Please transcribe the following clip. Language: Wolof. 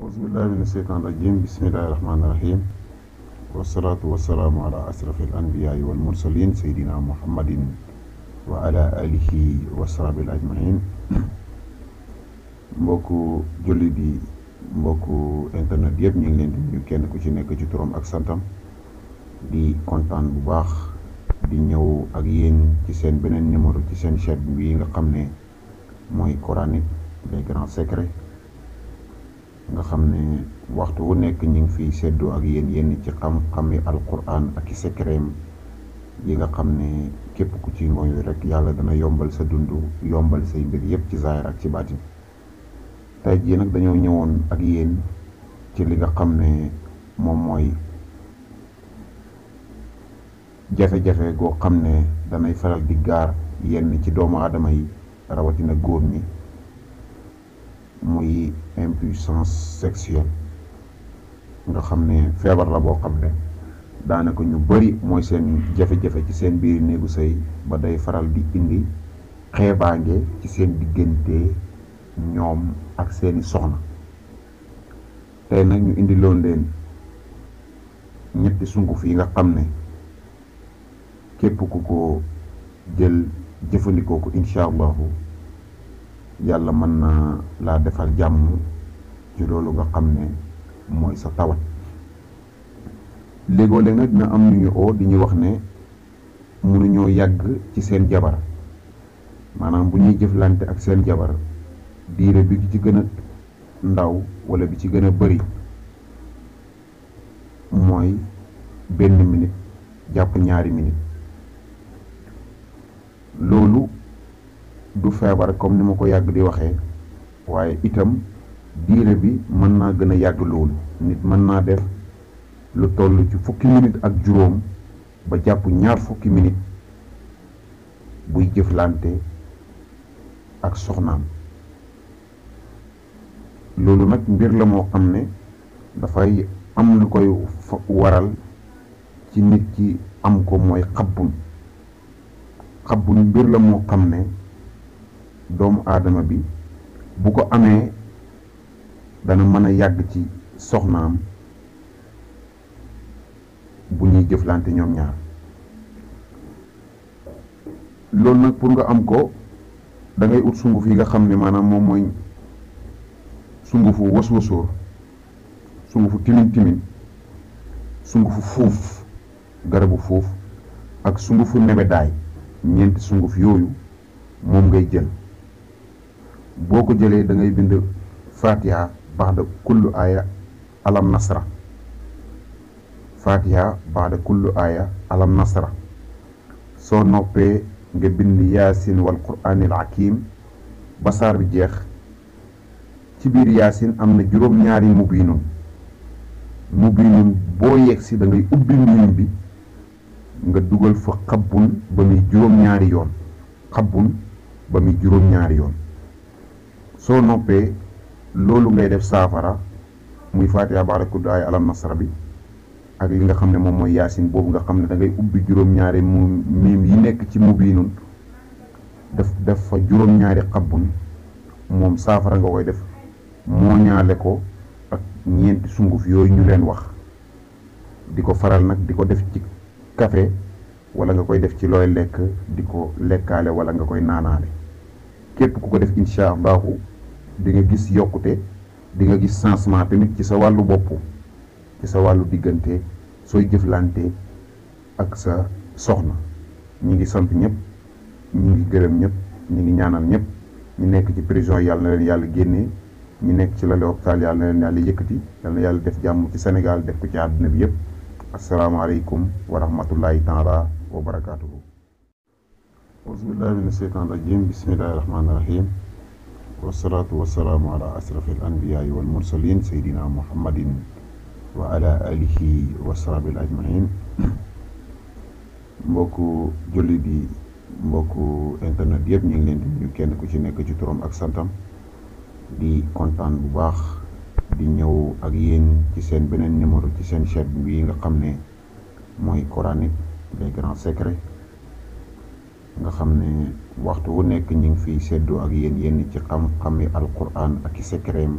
أعوذ بالله من الشيطان الرجيم بسم الله الرحمن الرحيم والصلاة والسلام على أشرف الأنبياء والمرسلين سيدنا محمد وعلى آله وصحبه أجمعين مبوكو جولي بي مبوكو انترنت ديب نين لين دي كين كو سي نيك تروم اك سانتام دي كونتان بو باخ دي نيو اك يين سي سين بنين نيمورو سي سين شيب بيغا خامني موي قراني دي غران سيكري nga xam ne waxtu wu nekk ñu ngi fiy seddoo ak yéen yenn ci xam-xami alquran ak i secret yi nga xam ne képp ku ci ngooñu rek yàlla dana yombal sa dund yombal say mbir yépp ci zaahir ak ci baatin tey jii nag dañoo ñëwoon ak yéen ci li nga xam ne moom mooy jafe-jafe goo xam ne danay faral di gaar yenn ci doomu aadama yi rawatina góor ñi muy impuissance sexuelle nga xam ne feebar la boo xam ne daanaka ñu bari mooy seen jafe-jafe ci seen biir néegu sëy ba day faral di indi xeebaange ci seen diggante ñoom ak seeni soxna tey nag ñu indiloon leen ñetti sunguf yi nga xam ne képp ku ko jël jëfandikoo ko incha allahu yàlla mën naa laa defal jàmm ci loolu nga xam ne mooy sa tawat léegoo léeg nag dina am nu ñu oo di ñu wax ne mënuñoo yàgg ci seen jabar maanaam bu ñuy jëflante ak seen jabar diire bi ci gën a ndaw wala bi ci gën a bëri mooy benn minute jàpp ñaari minute loolu du feebar comme ni ma ko yàgg di waxe waaye itam diire bi mën naa gën a yàgg loolu nit mën naa def lu toll ci fukki minute ak juróom ba jàpp ñaar fukki minit buy jëflante ak soxnaam loolu nag mbir la moo xam ne dafay am lu koy waral ci nit ki am ko mooy xabbun xabbun mbir la moo xam ne doomu aadama bi bu ko amee dana mën a yàgg ci soxnaam bu ñuy jëflante ñoom ñaar loolu nag pour nga am ko dangay ut sunguf yi nga xam ni maanaam moom mooy sungufu was wasóor sungufu timin timin sungufu fuuf garabu fuuf ak sungufu nebedaay ñeenti sunguf yooyu moom ngay jël boo ko jëlee dangay bind fatiha bax kullu aaya nasra fatiha baxda kullu aaya alam nasra soo noppee nga bind yaasin wal quraanil hakim ba bi jeex ci biir yaasin am na juróom-ñaari mubiinun mubiinun boo yegg si da ngay ubbi miim bi nga dugal fa xabbun ba muy juróom-ñaari yoon xabbun ba muy juróom-ñaari yoon soo noppee loolu ngay def saafara muy faatiha ba'da kulli aaya alam nasra bi ak li nga xam ne moom mooy yaasin boobu nga xam ne da ubbi juróom-ñaari mu miim yi nekk ci mubiinun def def fa juróom-ñaari xabbun moom saafara nga koy def moo ko ak ñeenti sunguf yooyu ñu leen wax di ko faral nag di ko def ci kafe wala nga koy def ci looy lekk di ko lekkaale wala nga koy naanaale képp ku ko def insha allahu di nga gis yokkute di nga gis changement tamit ci sa wàllu bopp ci sa wàllu diggante sooy jëflante ak sa soxna ñi ngi sant ñëpp ñi ngi gërëm ñëpp ñi ngi ñaanal ñëpp ñu nekk ci prison yàlla na leen yàlla génnee ñu nekk ci lali hôpital yàlla na leen yàlla yëkkati yàlla yàlla def jàmm ci Sénégal def ko ci àdduna bi yëpp asalaamaaleykum wa rahmatullahi taala wa barakaatuhu. auzu billahi mina sheytaani rajim bismillahi rahmaani wasalaatu wasalaamu ala asrafi al anbiyaai wal mursalin saydina muhammadin wa ala alihi wa sahaabil ajmain mbokku jullit yi mbokku internet yëpp ñu ngi leen di kenn ku ci nekk ci turam ak santam di kontaan bu baax di ñëw ak yéen ci seen beneen numéro ci seen chaîne bi nga xam ne mooy coranique les grands secrets nga xam ni waxtu wu nekk ñu ngi fiy séddoo ak yéen yenn ci xam-xami alquran ak i secret